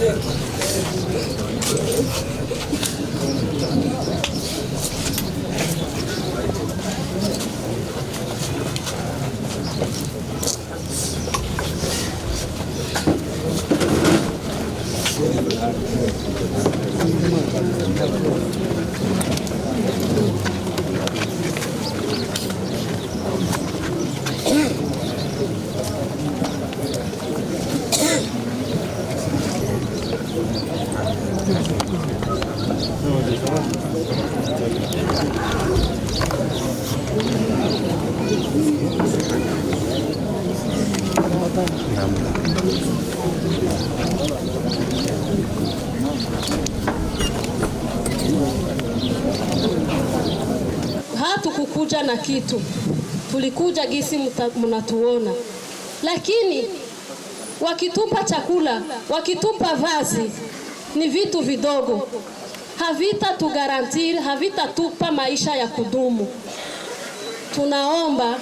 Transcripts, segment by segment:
何これ Hatukukuja na kitu, tulikuja gisi mnatuona, lakini wakitupa chakula, wakitupa vazi, ni vitu vidogo havitatugarantir, havitatupa maisha ya kudumu. Tunaomba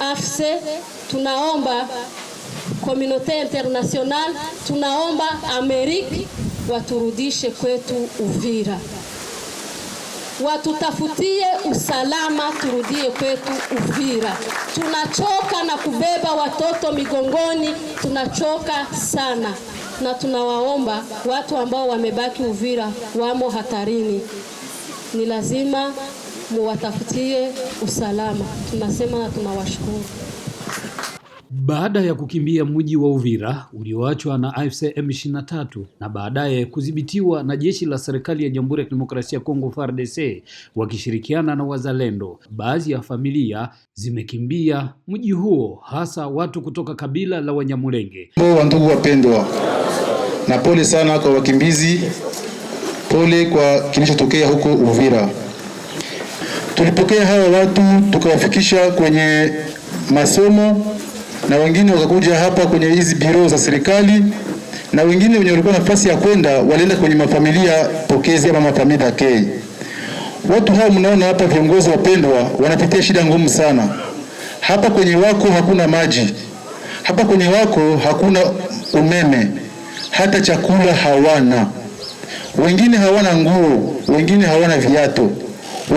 AFSE, tunaomba komunote international, tunaomba Ameriki waturudishe kwetu Uvira, watutafutie usalama, turudie kwetu Uvira. Tunachoka na kubeba watoto migongoni, tunachoka sana na tunawaomba watu ambao wamebaki Uvira wamo hatarini, ni lazima muwatafutie usalama. Tunasema na tunawashukuru. Baada ya kukimbia mji wa Uvira ulioachwa na AFC M23 na baadaye kudhibitiwa na jeshi la serikali ya Jamhuri ya Kidemokrasia ya Kongo FARDC wakishirikiana na wazalendo, baadhi ya familia zimekimbia mji huo, hasa watu kutoka kabila la Wanyamulenge. Wandugu wapendwa, na pole sana kwa wakimbizi, pole kwa kilichotokea huko Uvira. Tulipokea hawa watu tukawafikisha kwenye masomo na wengine wakakuja hapa kwenye hizi biro za serikali, na wengine wenye walikuwa nafasi ya kwenda walienda kwenye mafamilia pokezi ama mafamilia ke. Watu hao mnaona hapa, viongozi wapendwa, wanapitia shida ngumu sana hapa. Kwenye wako hakuna maji, hapa kwenye wako hakuna umeme, hata chakula hawana, wengine hawana nguo, wengine hawana viatu,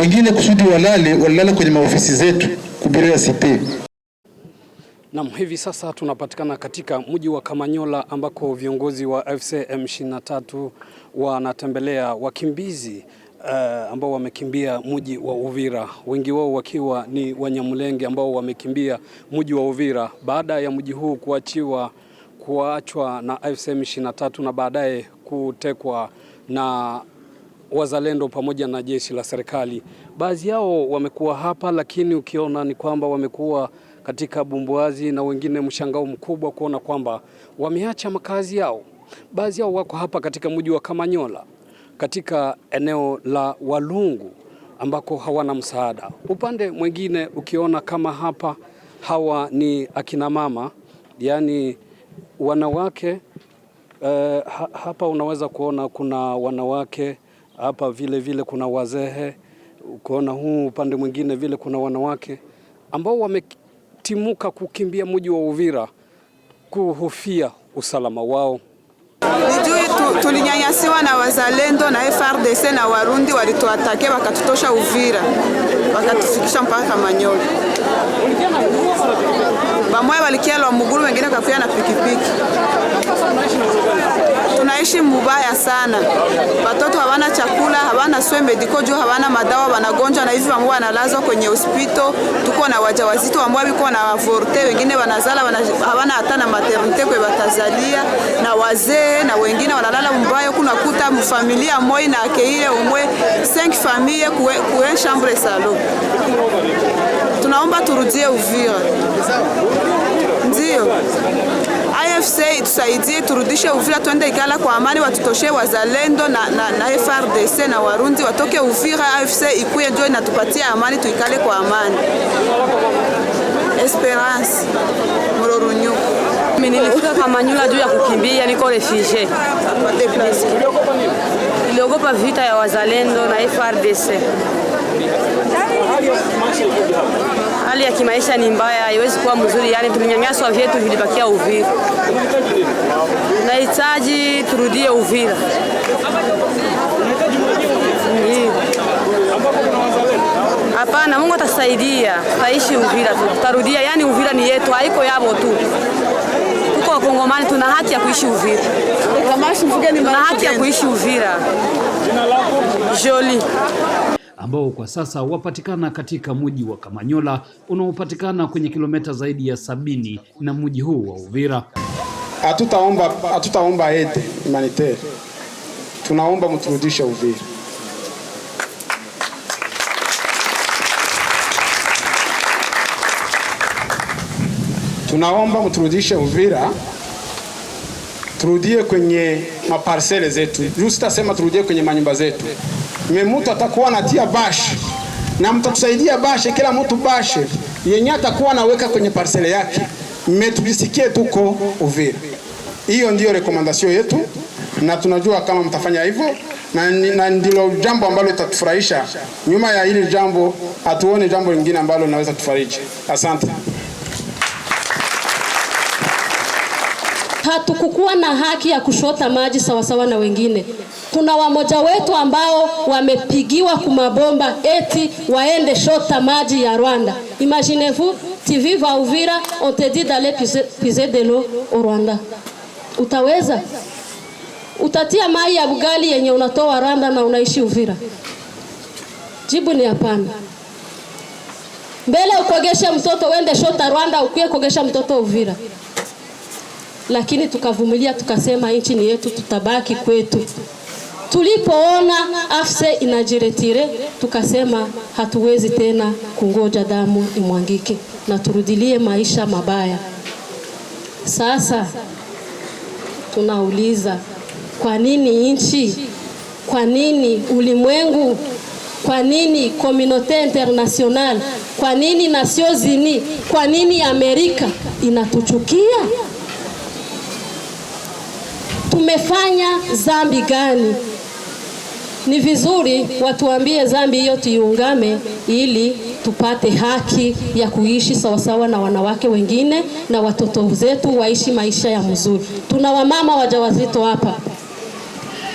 wengine kusudi walale walala kwenye maofisi zetu kubirira sipe Nam, hivi sasa tunapatikana katika mji wa Kamanyola ambako viongozi wa AFC M23 wanatembelea wakimbizi uh, ambao wamekimbia mji wa Uvira, wengi wao wakiwa ni Wanyamulenge ambao wamekimbia mji wa Uvira baada ya mji huu kuachiwa kuachwa na AFC M23 na baadaye kutekwa na wazalendo pamoja na jeshi la serikali. Baadhi yao wamekuwa hapa, lakini ukiona ni kwamba wamekuwa katika Bumbuazi na wengine mshangao mkubwa kuona kwamba wameacha makazi yao. Baadhi yao wako hapa katika mji wa Kamanyola katika eneo la Walungu ambako hawana msaada. Upande mwingine ukiona kama hapa, hawa ni akina mama, yaani wanawake eh, hapa unaweza kuona kuna wanawake hapa, vile vile kuna wazee, ukiona huu upande mwingine vile kuna wanawake ambao wame walitimuka kukimbia mji wa Uvira kuhofia usalama wao. tulinyanyasiwa na wazalendo na FRDC na Warundi, walituatakia wakatutosha Uvira wakatufikisha mpaka Manyoli. Bamoya walikialwa mguru, wengine wakakuya na pikipiki tunaishi mubaya sana, watoto hawana chakula, hawana mediko juu hawana madawa, wanagonjwa na hivi ambao wanalazwa kwenye hospito. Tuko na wajawazito ambao wiko na avorte, wengine wanazala wana, hawana hata na maternite kwe watazalia, na wazee na wengine wanalala mubaya. Kuna kuta mfamilia moi na akeile umwe 5 famille kuwe shambre salo. Tunaomba turudie Uvira, ndiyo AFC itusaidie, turudishe Uvira, twende Ikala kwa amani, watutoshe wazalendo na, na, na FRDC na Warundi watoke Uvira. AFC ikuye njo inatupatia amani, tuikale kwa amani. Esperance Murorunyu nilifika Kamanyola juu ya kukimbia, niko refugee, niliogopa vita ya wazalendo na FRDC. Hali ya kimaisha ni mbaya, haiwezi kuwa mzuri, yani tumenyanyaswa, vyetu vilibakia Uvira. Nahitaji turudie Uvira. Hapana, Mungu atasaidia, taishi Uvira tu, tutarudia. Yani Uvira ni yetu, haiko yabo tu. Tuko Wakongomani, tuna haki ya kuishi Uvira, tuna haki ya kuishi Uvira. Joli ambao kwa sasa wapatikana katika mji wa Kamanyola unaopatikana kwenye kilomita zaidi ya sabini na mji huu wa Uvira. Hatutaomba hatutaomba aide humanitaire, tunaomba mturudishe Uvira. Tunaomba mturudishe Uvira turudie kwenye maparsele zetu, juu sitasema turudie kwenye manyumba zetu. Me mtu atakuwa anatia bash na mtatusaidia bashe, kila mtu bashe yenye atakuwa anaweka kwenye parsele yake. Mmetujisikie tuko Uvira. Hiyo ndiyo rekomandasio yetu, na tunajua kama mtafanya hivyo na, na ndilo jambo ambalo litatufurahisha. Nyuma ya hili jambo hatuone jambo lingine ambalo linaweza kutufariji. Asante. hatukukuwa na haki ya kushota maji sawasawa na wengine. Kuna wamoja wetu ambao wamepigiwa kumabomba eti waende shota maji ya Rwanda. Imaginez-vous, tu vis à Uvira, on te dit d'aller puiser de l'eau au Rwanda. Utaweza? Utatia mai ya bugali yenye unatoa Rwanda na unaishi Uvira? Jibu ni hapana. Mbele ukogeshe mtoto uende shota Rwanda, ukuye kogesha mtoto Uvira lakini tukavumilia, tukasema nchi ni yetu, tutabaki kwetu. Tulipoona afse inajiretire, tukasema hatuwezi tena kungoja damu imwangike na turudilie maisha mabaya. Sasa tunauliza kwa nini nchi, kwa nini ulimwengu, kwa nini komunote international, kwa nini Nations Unies, kwa nini Amerika inatuchukia? tumefanya dhambi gani? Ni vizuri watuambie dhambi hiyo tuiungame, ili tupate haki ya kuishi sawasawa na wanawake wengine na watoto zetu waishi maisha ya mzuri. Tuna wamama wajawazito hapa,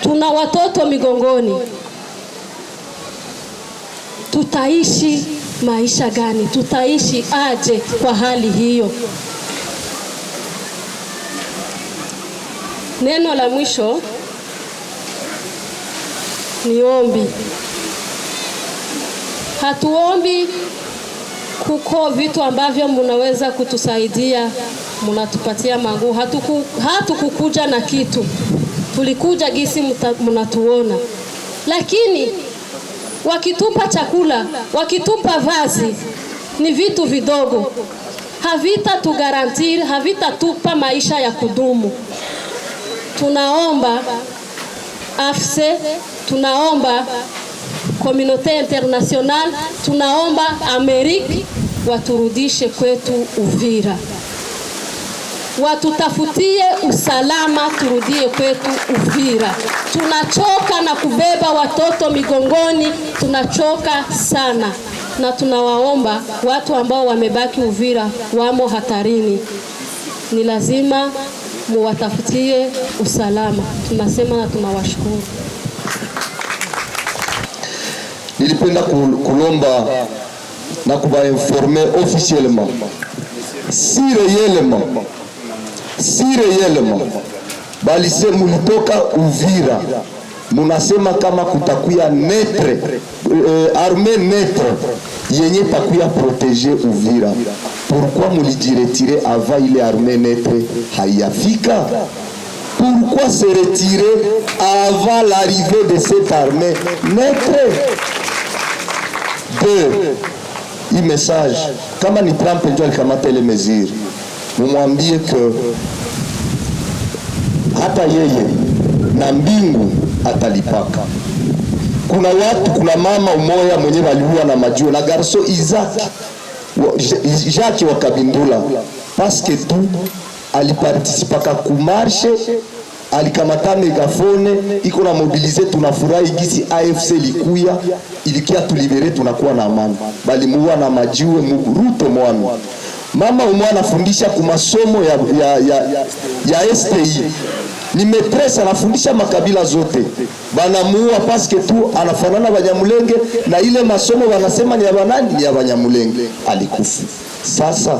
tuna watoto migongoni, tutaishi maisha gani? Tutaishi aje kwa hali hiyo? Neno la mwisho ni ombi. Hatuombi kuko vitu ambavyo mnaweza kutusaidia, mnatupatia mangu. Hatukukuja na kitu, tulikuja gisi mnatuona, lakini wakitupa chakula, wakitupa vazi, ni vitu vidogo, havita havitatupa maisha ya kudumu tunaomba AFSE, tunaomba komunote International, tunaomba Amerika waturudishe kwetu Uvira, watutafutie usalama, turudie kwetu Uvira. Tunachoka na kubeba watoto migongoni, tunachoka sana, na tunawaomba watu ambao wamebaki Uvira, wamo hatarini, ni lazima muwatafutie usalama. Tunasema na tunawashukuru. Nilipenda kulomba na kuba informe officiellement si reyelema si reyelema balise mulitoka Uvira munasema kama kutakuya netre eh, euh, euh, arme netre yenye takuya proteger Uvira Pourquoi mulijiretire avant ile armée n'être haiyafika? Pourquoi se retirer avant l'arrivée de cette armée Maître Deux, Il message kama ni Trump ndio alikamata ile mesure, mumwambie que hata yeye na mbingu atalipaka. Kuna watu, kuna mama umoya mwenye waliua na majuo na garso Izaki Jacques Wakabindula paske tu alipartisipaka kumarshe, alikamata megafone iko na mobilize. Tunafurahi gisi AFC likuya ilikia tulibere, tunakuwa na amani, balimuua na majiwe ruto mwana mama umwe anafundisha kumasomo ya, ya, ya, ya STI ni metrese anafundisha makabila zote, banamuua paske tu anafanana Banyamulenge, na ile masomo wanasema ni ya banani, ni ya Banyamulenge. alikufu Sasa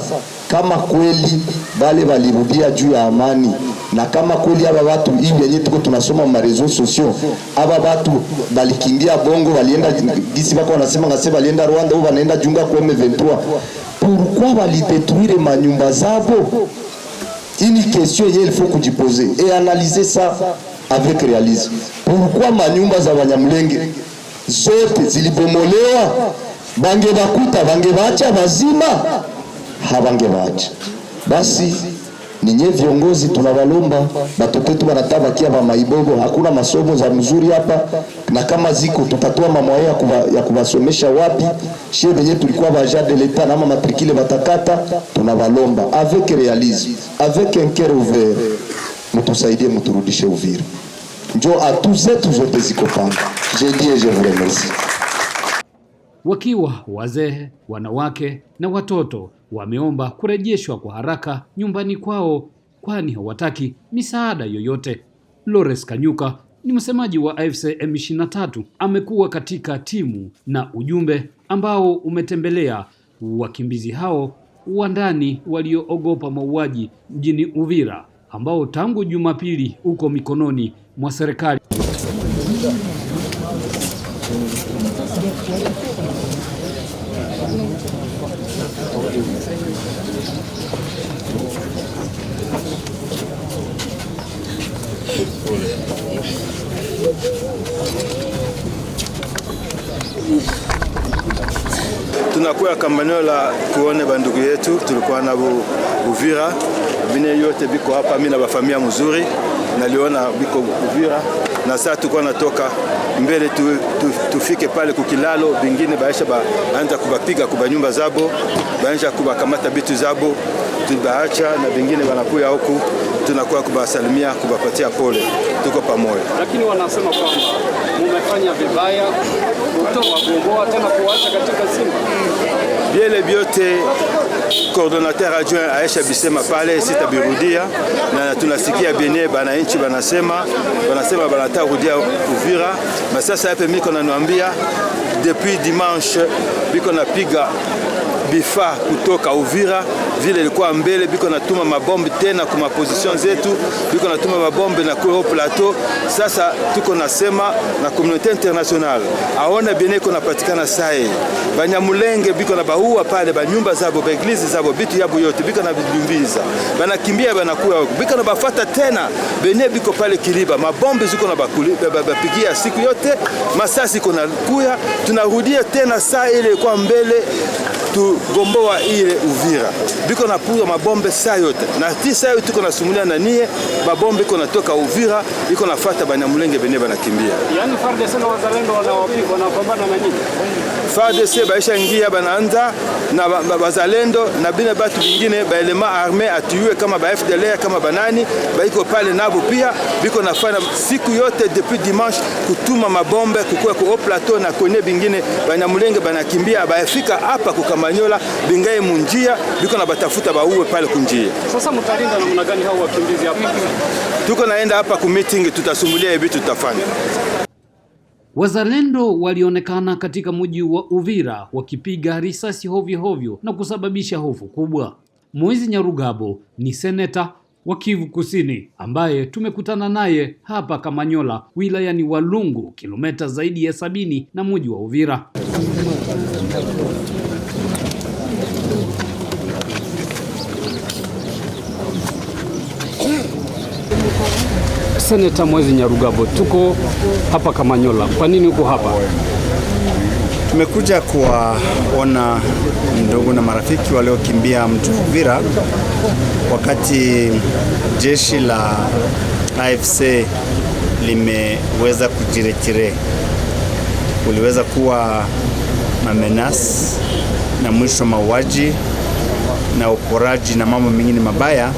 kama kweli bale balirudia juu ya amani na kama kweli aba batu hivi yenye tuko tunasoma marezo sosio sociaux, aba batu balikimbia Bongo, walienda gisi bako wanasema ngase balienda Rwanda, wanaenda junga kwa M23, pourquoi walidetruire manyumba zabo? Une question il faut poses et analyser ça avec réalisme. Pourquoi manyumba za Banyamulenge zote zilibomolewa? Bange bakuta bange bacha, bazima habange bacha. Basi ninye viongozi tunavalomba batoto wetu wanataa kia ba hakuna masomo za mzuri hapa, na kama ziko tutatoa mamwaye ya, kuva, kuvasomesha wapi? Shie venye tulikuwa vaja de leta na mama matrikile batakata, tunavalomba avec realisme avec un cœur ouvert, muturudishe mturudishe Uvira, njo atu zetu zote ziko panga. Je dis et je vous remercie wakiwa wazee, wanawake na watoto wameomba kurejeshwa kwa haraka nyumbani kwao, kwani hawataki misaada yoyote. lores Kanyuka ni msemaji wa AFC M23, amekuwa katika timu na ujumbe ambao umetembelea wakimbizi hao wa ndani walioogopa mauaji mjini Uvira ambao tangu Jumapili uko mikononi mwa serikali. Tunakuya kambanio la kuone bandugu yetu tulikuwa na Uvira, vine yote biko hapa, mimi na bafamia mzuri naliona biko Uvira na saa tulikuwa natoka mbele tu, tu, tufike pale kukilalo, bingine baisha baanza kubapiga kubanyumba zabo, baisha kubakamata bitu zabo tubaacha, na bingine wanakuya huku tunakuwa kubasalimia kubapatia pole, tuko pamoja. Lakini wanasema kwamba mumefanya vibaya kutoa gomboa tena kuacha katika Simba yele bio te coordonnateur adjoint Aisha Bisema pale sitabirudia, hein. na tunasikia benye bananchi banasema banasema banataka kudia Uvira, a sasa hapa a naniambia depuis dimanche biko piga bifa kutoka Uvira vile ilikuwa mbele, biko natuma mabombe tena kwa maposition zetu, biko natuma mabombe na kwa plateau. Sasa tuko nasema na community international aona bene iko napatikana sai, banyamulenge biko na baua pale banyumba zabo baeglizi zabo bitu yabo yote biko na binyumbiza, banakimbia banakuwa biko na bafata tena bene biko pale Kiliba, mabombe ziko na bapigia siku yote, masasi kuna kuya, tunarudia tena saa ile kwa mbele tugomboa ile Uvira biko na pura mabombe saa yote na ti saa yote tuko na na nie mabombe iko natoka Uvira iko nafuata Banyamulenge benye banakimbia. Yani FARDC wazalendo na baisha ingia banaanza na bazalendo na bina batu bingine baelema arme atuiwe kama ba FDLR kama banani baiko pale nabo pia biko nafana siku yote depuis dimanche kutuma mabombe kukua ku plateau na kone bingine Banyamulenge banakimbia bafika hapa kukama Manyola bingae munjia biko na batafuta bauwe pale kunjia. Sasa mtalinda namna gani hao wakimbizi hapa? Tuko naenda hapa ku meeting, tutasumulia hivi tutafanya. Wazalendo walionekana katika mji wa Uvira wakipiga risasi hovyo hovyo na kusababisha hofu kubwa. Moizi Nyarugabo ni seneta wa Kivu Kusini ambaye tumekutana naye hapa Kamanyola wilayani Walungu, kilomita zaidi ya sabini na mji wa Uvira. Seneta Mwezi Nyarugabo, tuko hapa Kamanyola. Kwa nini uko hapa? Tumekuja kuwaona ndugu na marafiki waliokimbia mtu Uvira wakati jeshi la AFC limeweza kujiretire, uliweza kuwa mamenas na mwisho mauaji na uporaji na mambo mengine mabaya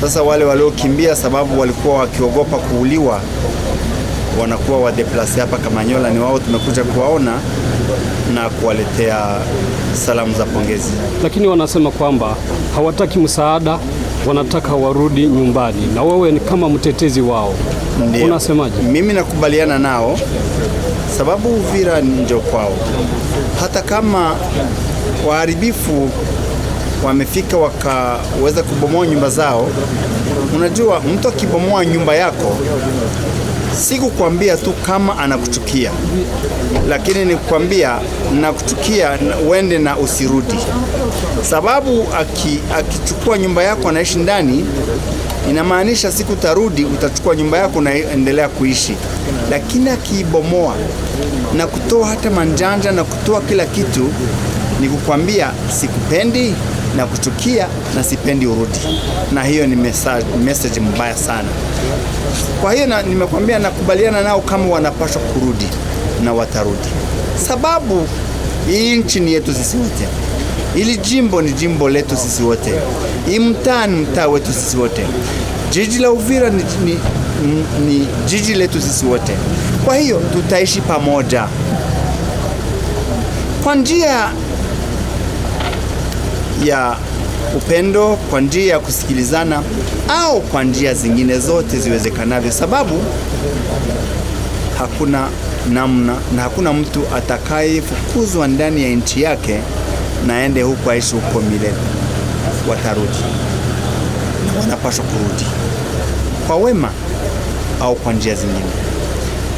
sasa wale waliokimbia sababu walikuwa wakiogopa kuuliwa wanakuwa wadeplase hapa Kamanyola, ni wao tumekuja kuwaona na kuwaletea salamu za pongezi, lakini wanasema kwamba hawataki msaada, wanataka warudi nyumbani. Na wewe ni kama mtetezi wao, unasemaje? Mimi nakubaliana nao sababu Uvira ndio kwao, hata kama waharibifu wamefika wakaweza kubomoa nyumba zao. Unajua, mtu akibomoa nyumba yako si kukwambia tu kama anakuchukia, lakini ni kukwambia nakuchukia, uende na usirudi, sababu akichukua nyumba yako anaishi ndani, inamaanisha siku tarudi, utachukua nyumba yako unaendelea kuishi. Lakini akiibomoa na kutoa hata manjanja na kutoa kila kitu, ni kukwambia sikupendi na kuchukia na sipendi urudi, na hiyo ni message, message mbaya sana. Kwa hiyo na, nimekwambia nakubaliana nao kama wanapaswa kurudi na watarudi, sababu hii nchi ni yetu sisi wote, ili jimbo ni jimbo letu sisi wote, hii mtaa ni mtaa wetu sisi wote, jiji la Uvira ni, ni, ni jiji letu sisi wote. Kwa hiyo tutaishi pamoja kwa njia ya upendo kwa njia ya kusikilizana au kwa njia zingine zote ziwezekanavyo, sababu hakuna namna na hakuna mtu atakayefukuzwa ndani ya nchi yake na aende huko aishi huko milele. Watarudi na wanapaswa kurudi kwa wema au kwa njia zingine,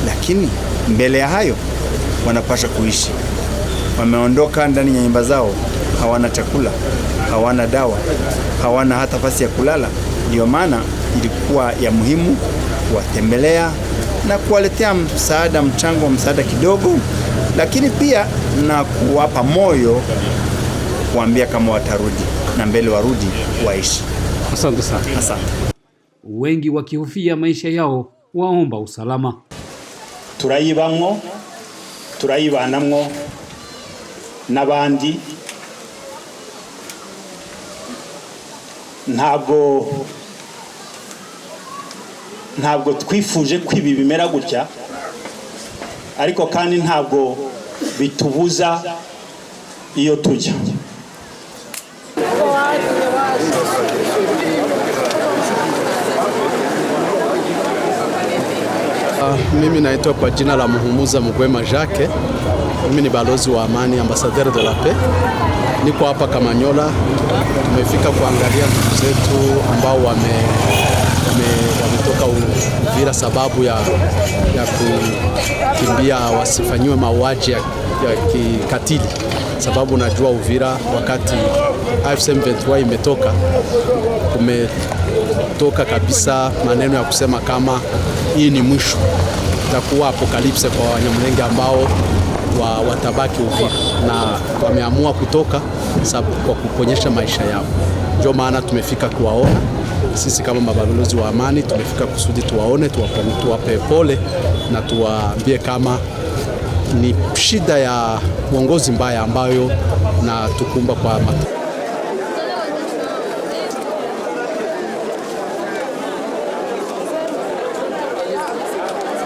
lakini mbele ya hayo wanapaswa kuishi. Wameondoka ndani ya nyumba zao hawana chakula, hawana dawa, hawana hata nafasi ya kulala. Ndiyo maana ilikuwa ya muhimu kuwatembelea na kuwaletea msaada, mchango wa msaada kidogo, lakini pia na kuwapa moyo, kuambia kama watarudi na mbele warudi, waishi. Asante sana. Asante. Wengi wakihofia maisha yao waomba usalama. turayibamwo turayibanamwo n'abandi ntabwo ntabwo twifuje ko ibi bimera gutya ariko kandi ntabwo bitubuza iyo tujya ah, Mimi naitwa kwa jina la Muhumuza Mugwema Jacques. Mimi ni balozi wa amani, ambassadeur de la paix Niko hapa Kamanyola, tumefika kuangalia ndugu zetu ambao wame wametoka Uvira sababu ya, ya kukimbia wasifanyiwe mauaji ya, ya kikatili, sababu najua Uvira wakati AFC M23 imetoka kumetoka kabisa maneno ya kusema kama hii ni mwisho, itakuwa apokalipse kwa Wanyamulenge ambao wa, watabaki Uvira na wameamua kutoka sabu, kwa kuponyesha maisha yao. Ndio maana tumefika kuwaona sisi kama mabalozi wa amani, tumefika kusudi tuwaone, tuwape pole na tuwaambie kama ni shida ya uongozi mbaya ambayo na tukumba kwa matu.